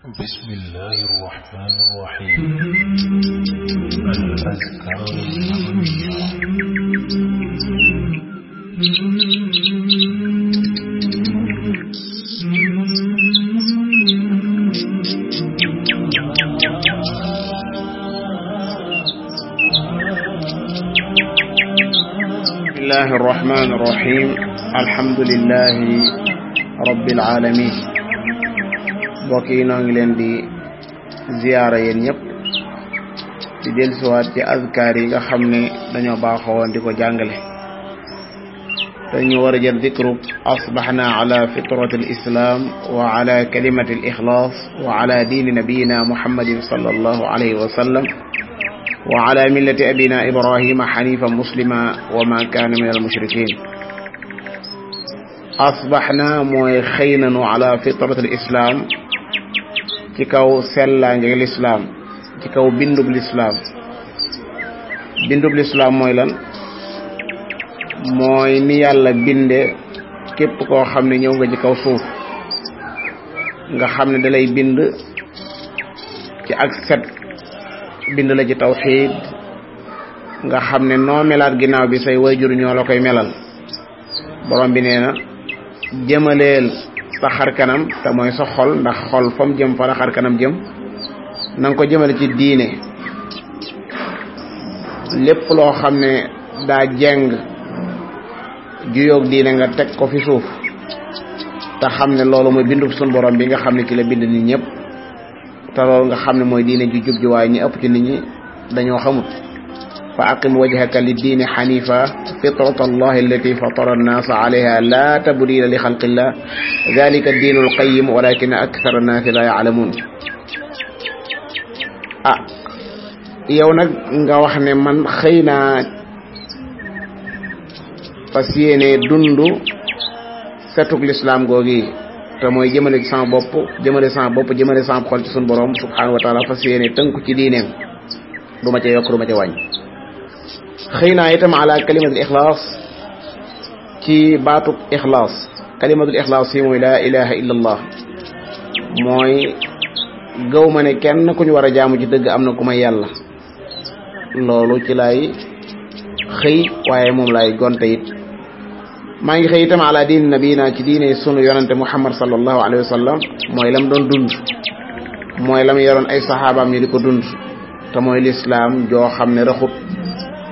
بسم الله الرحمن الرحيم الأذكار الله الرحمن الرحيم الحمد لله رب العالمين mbokk yi noo ngi leen di ziyaara yéen ñëpp di dellusiwaat ci azkaar yi nga xam ne dañoo baaxoo woon di ko jàngale dañu war a jël dikru asbaxna ala fitrati al islam wa ala kalimati al ixlaas wa ala diini nabiyina muhammadin sallallahu alayhi wa sallam wa ala millati abina ibrahima xanifan muslima wa ma kaana min al mushrikin asbaxna mooy xëy nanu ala fitrati al islam ci kaw sellaange lislaam ci kaw bindu bindub lislaam bindub lislaam mooy lan mooy ni yàlla binde képp koo xam ne ñëw nga ci kaw suuf nga xam ne dalay bind ci ak set bind la ci tawxiid nga xam ne noo melaat ginnaaw bi say wayjur ñoo la koy melal borom bi nee na jëmaleel sa xar kanam te mooy sa xol ndax xol fa mu jëm fa la xar kanam jëm nanga nga ko jëmale ci diine lépp loo xam ne daa jeng juyoog diine nga teg ko fi suuf te xam ne loolu mooy bindu sun borom bi nga xam ne ci la bind nit ñëpp te loolu nga xam ne mooy diine ju jub ji waaye ñi ëpp ci nit ñi dañoo xamut fa aqim wajhaka li diini xanifa fitrata allah allati fatara annaasa alayha laa tabdila li xalqillah dalika diinu alqayim walakin akthar annaasi la yaalamuun ah yow nag nga wax ne man xëy naa fas yéene dundu setuk lislaam googi te mooy jëmale sama bopp jëmale sama bopp jëmale sama xol ci sunu borom subhanahu wa taala fas yéene tënku ci diineem du ma ca yokk du ma ca wàññi xëy naa itam ala kalimatul ixlaas ci baatub ixlaas kalimatul ixlaas yi mooy laa ilaha illa mooy gaw ma ne kenn ku ñu war a jaamu ci dëgg am na ku may yàlla loolu ci lay xëy waaye moom laay gonte it maa ngi xëy itam ala diin nabina ci diine sunu yonante muhammad sallallahu alayhi wa sallam mooy lam doon dund mooy lam yoroon ay saxaabaam ñu ko dund te mooy lislaam joo xam ne raxut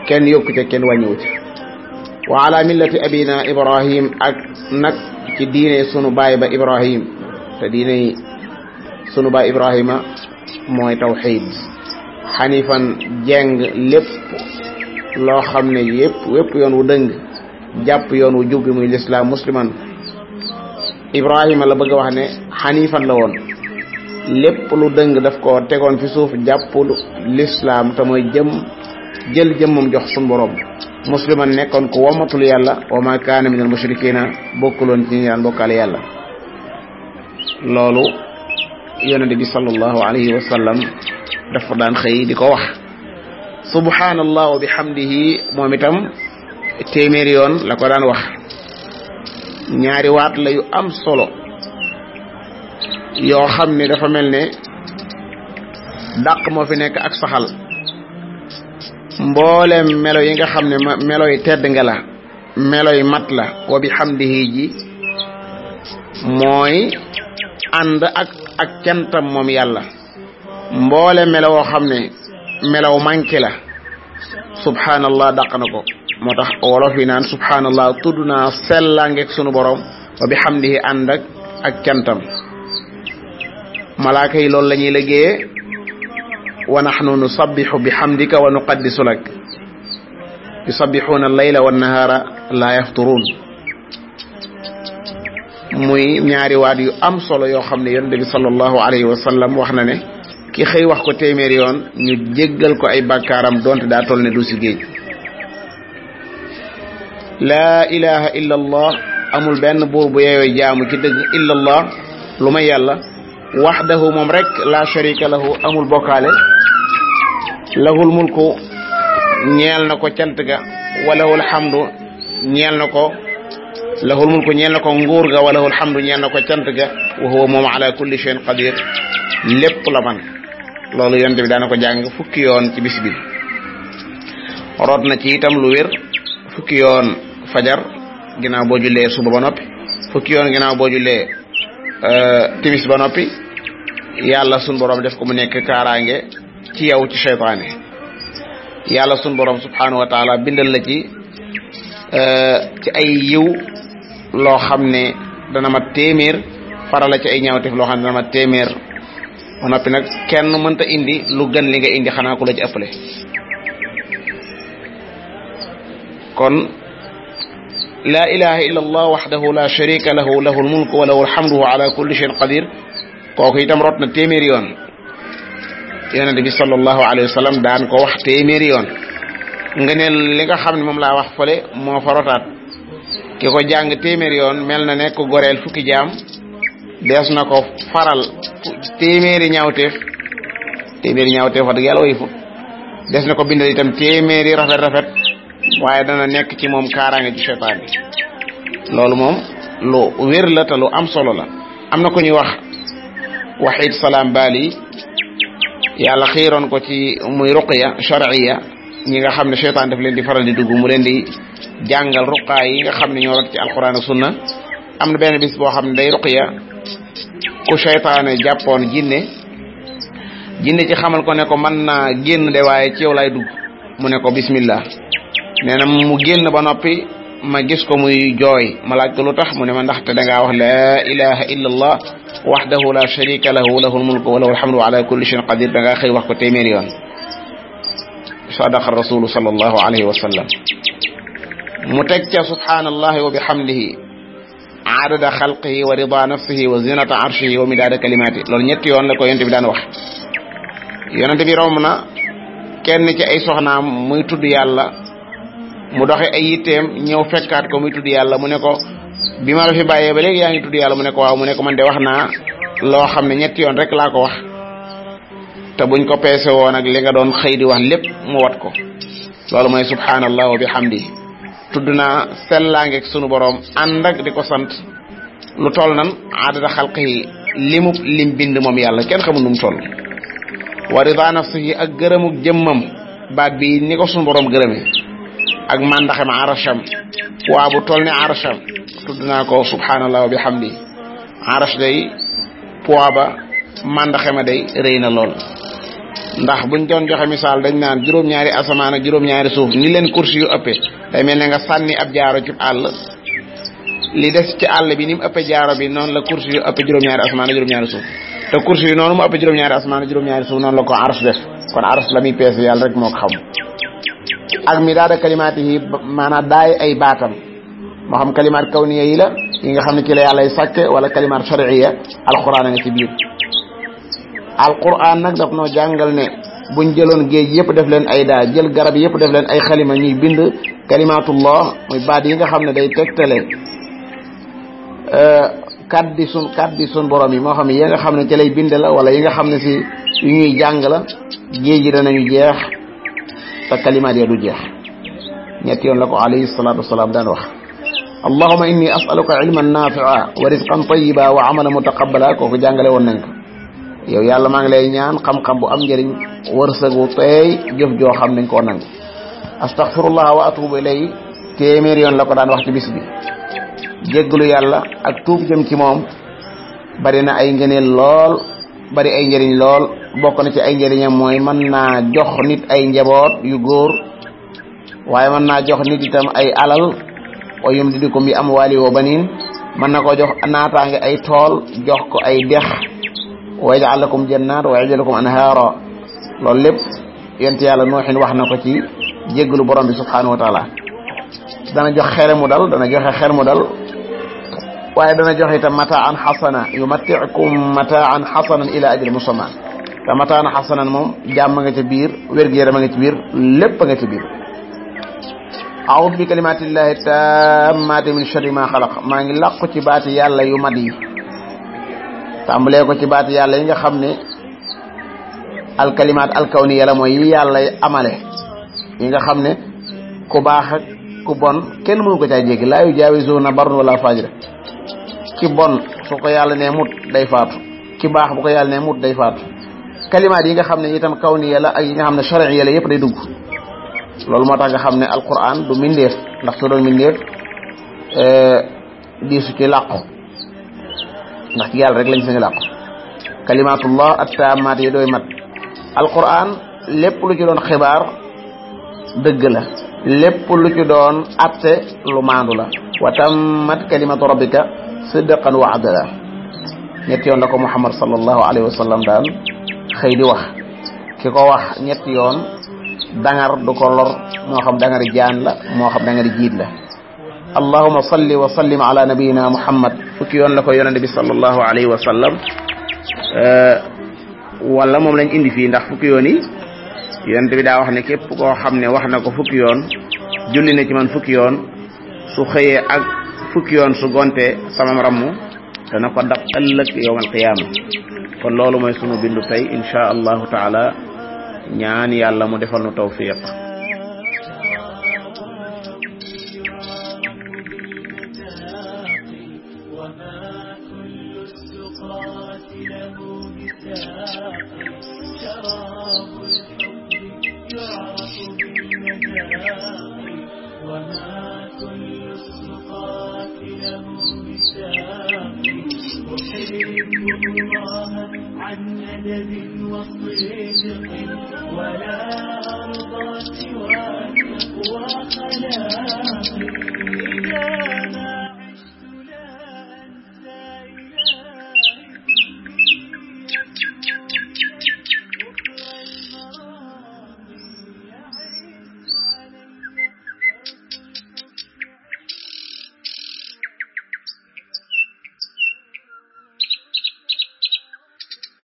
kenn yokku ca kenn wàññiwu ci wa ala abina ibrahim ak nag ci diine sunu baay ba ibrahim te diine sunu baay ibrahima mooy tawxid xanifan jeng lépp loo xam ne yépp wépp yoon wu dëng jàpp yoon wu jub bi muy lislaam musliman ibrahima la bëgg a wax ne xanifan la woon lépp lu dëng daf ko tegoon fi suuf jàpp lislaam te mooy jëm jël jëmmam jox suñu borom musliman nekkoon ko wamatul yàlla wa ma kaana minal mushrikina bokkuloon ci ñi daan bokkaale yàlla loolu yonente bi sallallahu alayhi wa sallam dafa daan xëy di ko wax subhanallah wa bihamdihi moom itam téeméeri yoon la ko daan wax ñaari waat la yu am solo yoo xam ne dafa mel ne dàq moo fi nekk ak saxal mboolem melo yi nga xam ne melo yi tedd nga la melo yi mat la wa bi hamdihi ji mooy ànd ak ak cantam moom yàlla mboole melo woo xam ne melaw manqué la subhanallah dàq na ko moo tax wolof yi naan subhanallah tudd naa sellangeeg sunu borom wa bi hamdihi ànd ak ak cantam malaaka yi loolu la ñuy liggéeye wa nahnu nusabbihu bihamdika wa nuqaddisu lak yusabbihuna al-layla wa an la yafturun muy ñaari waat yu am solo yoo xam ne yonent bi sallallahu alayhi wa sallam wax na ne ki xëy wax ko téeméeri yoon ñu jéggal ko ay bakkaaram donte daa toll ne du si géej laa ilaha illa amul benn buur bu jaamu ci dëgg illa lu may yàlla waxdahu moom rek la sharika lahu amul bokkaale lahul mulku ñeel na ko cant ga walahul hamdu ñeel ko lahul mulku ñeel na ko nguur ga walahul hamdu ñeel na ko cant ga wa huwa moom ala kulli shay'in qadir lépp la man loolu yonent bi daana ko jàng fukki yoon ci bis bi root na ci itam lu wér fukki yoon fajar ginnaaw boo jullee suba ba noppi fukki yoon ginnaaw boo jullee euh, timis ba noppi yàlla sun borom def ko mu nekk kaaraange ci yow ci seytaane yàlla sun borom subhanahu wa bindal la ci eh, ci ay yiw loo xam ne dana mat téeméer farala ci ay ñaawteef loo xam ne dana mat téeméer ba noppi nag kenn mënta indi lu gën li nga indi xanaa ku la ci ëppale kon laa ilaha illa allah waxdahu la sharika lahu lahu almulku wa lahu alhamdu ala kulli shay'in qadir kooku itam rot na téeméer yoon yonente bi sallallahu alayhi wa daan ko wax téeméeri yoon nga ne li nga xam ne moom laa wax fële moo fa rotaat ki ko jàng téeméeri yoon mel na ne ku goreel fukki jaam dees na ko faral téeméeri ñaawteef téeméeri ñaawteef wax dëgg yàlla woyu na ko bindal itam téeméeri rafet rafet waaye dana nekk ci moom kaaraange ci seytaane loolu moom lu wér lu am solo la am na ko ñuy wax waxid salaam baali yàlla xiiroon ko ci muy ruqya shar'iyya ñi nga xam ne seytaan daf leen di faral di dugg mu leen di jàngal ruqaa yi nga xam ne ñoo rot ci alquran ak sunna am na benn bis boo xam ne day ruqya ku seytaane jàppoon jinne jinne ci xamal ko ne ko mën naa génn de waaye ci yow lay dugg mu ne ko bismillah nee na mu génn ba noppi ma gis ko muy jooy ma laaj ko lu tax mu ne ma ndaxte dangaa wax laa ilaha waxdahu la sharika lahu lahu lmulku wa lahu alhamdu ala kulli shay'in qadir da ngaa wax ko téeméeri yoon sadaqa rasulu sallallahu alayhi wa mu teg ca subhanallahi wa bihamdihi adada xalqihi wa rida nafsihi wa zinata arshihi wa midaada kalimati loolu ñetti yoon la ko yonent bi daan wax na kenn ci ay soxnaam muy tudd yàlla mu doxe ay yitteem ñëw fekkaat ko muy tudd yàlla mu ne ko bi ma la fi bàyyee ba léegi yaa ngi tudd yàlla mu ne ko waaw mu ne man de wax naa loo xam ne ñetti yoon rek laa ko wax te buñ ko peese woon ak li nga doon xëy di wax lépp mu wat ko loolu mooy subhanallah wa bihamdi tudd naa sellaangeeg sunu borom ànd ak di ko sant lu toll nan adada xalq yi limu lim bind moom yàlla kenn xamul nu mu toll wa rida nafsihi ak gërëmu jëmmam baat bi ni ko sunu borom gërëmee ak mandaxem arasham waa bu toll ne arasham tudd naa ko subhanallah wa bihamdi arash day poids ba màndaxe ma day rëy na lool ndax buñ doon joxe misaal dañ naan juróom-ñaari asamaan juróom-ñaari suuf ni leen kursi yu ëppee lay mel ne nga sànni ab jaaro ci àll li des ci àll bi ni mu ëppee jaaro bi noonu la kursi yu ëppee juróom-ñaari asamaan ak juróom-ñaari suuf te kursi yu noonu mu ëppee juróom-ñaari asamaan ak la ko arsh def kon arsh la muy peese yàlla rek moo ko xam ak mi daada kalimaati yi daay ay baatam moo xam kalimaat kawniya yi la yi nga xam ne ci la yàllay sàkke wala kalimaat shariya alquran a nga ci biir nag daf noo jàngal ne buñ jëloon géej yëpp def leen ay daa jël garab yëpp def leen ay xalima ñuy bind kalimatullah mooy baat yi nga xam ne day tegtale euh, kaddi sun kaddi sun borom yi moo xam ne yi nga xam ne ci lay bind la wala yi nga xam ne si yu ñuy jàng la géej gi danañu jeex te kalimaat ya du jeex ñett yoon la ko alayhi salaatu wasalaam daan wax allahuma inni asaluka ilman nafia wa risqan tayiba wa amala mutaqabala kooku jàngale woon nañ ko yow yàlla maa ngi lay ñaan xam-xam bu am njariñ wërsëg wu tey jëf joo xam nañ koo nangu astaghfirullah wa atubu ilay téeméer yoon la ko daan wax ci bis bi jéggalu yàlla ak tuub jëm ci moom bari na ay ngëneel lool bari ay njëriñ lool bokk na ci ay njëriñam mooy man naa jox nit ay njaboot yu góor waaye mën naa jox itam ay alal wa yumdidukum bi amwaali wa baniin mën na koo jox naataange ay tool jox ko ay dex wa yaj'al lakum jannaat wa yaj'al lakum anhaara loolu lépp yonent yàlla nooxin wax na ko ci jéggalu borom bi subhaanahu wa taala dana jox xere mu dal dana joxe xer mu dal waaye dana joxe itam mataan xasana yumatti'ukum mataan xasanan ila ajli musamma te mataan xasanan moom jàmm nga ca biir wér-gu-yaram nga ci biir léppa nga ci biir a'udhu bi ma xalaq maa ngi làqu ci baati yàlla yu mat yi tàmbalee ko ci baati yàlla yi nga xam ne alkalimaat alkawni yàlla mooy yi yàlla amale yi nga xam ne ku baax ak ku bon kenn mënu ko caa jéggi laa yu jaawisuuna barun wala fajira ki bon su ko yàlla ne mut day faatu ki baax bu ko yàlla ne mut day faatu kalimaat yi nga xam ne itam kawni yàlla ak yi nga xam ne shar'i yàlla yëpp day dugg loolu moo tax nga xam ne alquran du mindeef ndax su doon mindeef eh, diisu ci làqu ndax ci yàlla rek lañ sañu làqu kalimatullah attaamat yi dooy mat alquran lépp lu ci doon xibaar dëgg la lépp lu ci doon atte lu maandu la wa tammat kalimatu rabbika sidqan wa adla ñetti yoon la ko muhammad sallallahu alayhi wa daan xëy di wax ki ko wax ñetti yoon dangar du ko lor moo xam dangari jaan la moo xam dangari jiit la allahuma salli wa sallim ala nabiyina muhammad fukki yoon la ko yonente bi sallallahu alayhi wa sallam eh, wala moom lañ indi fii ndax fukki yoon yi yonente bi daa wax ne képp koo xam ne wax na ko fukki yoon julli na ci man fukki yoon su xëyee ak fukki yoon su gonte sama rammu dana ko dab ëllëg yowmal qiyaama kon loolu mooy sunu bindu tey insha allahu taala ñaan yàlla mu defal nu tawfiq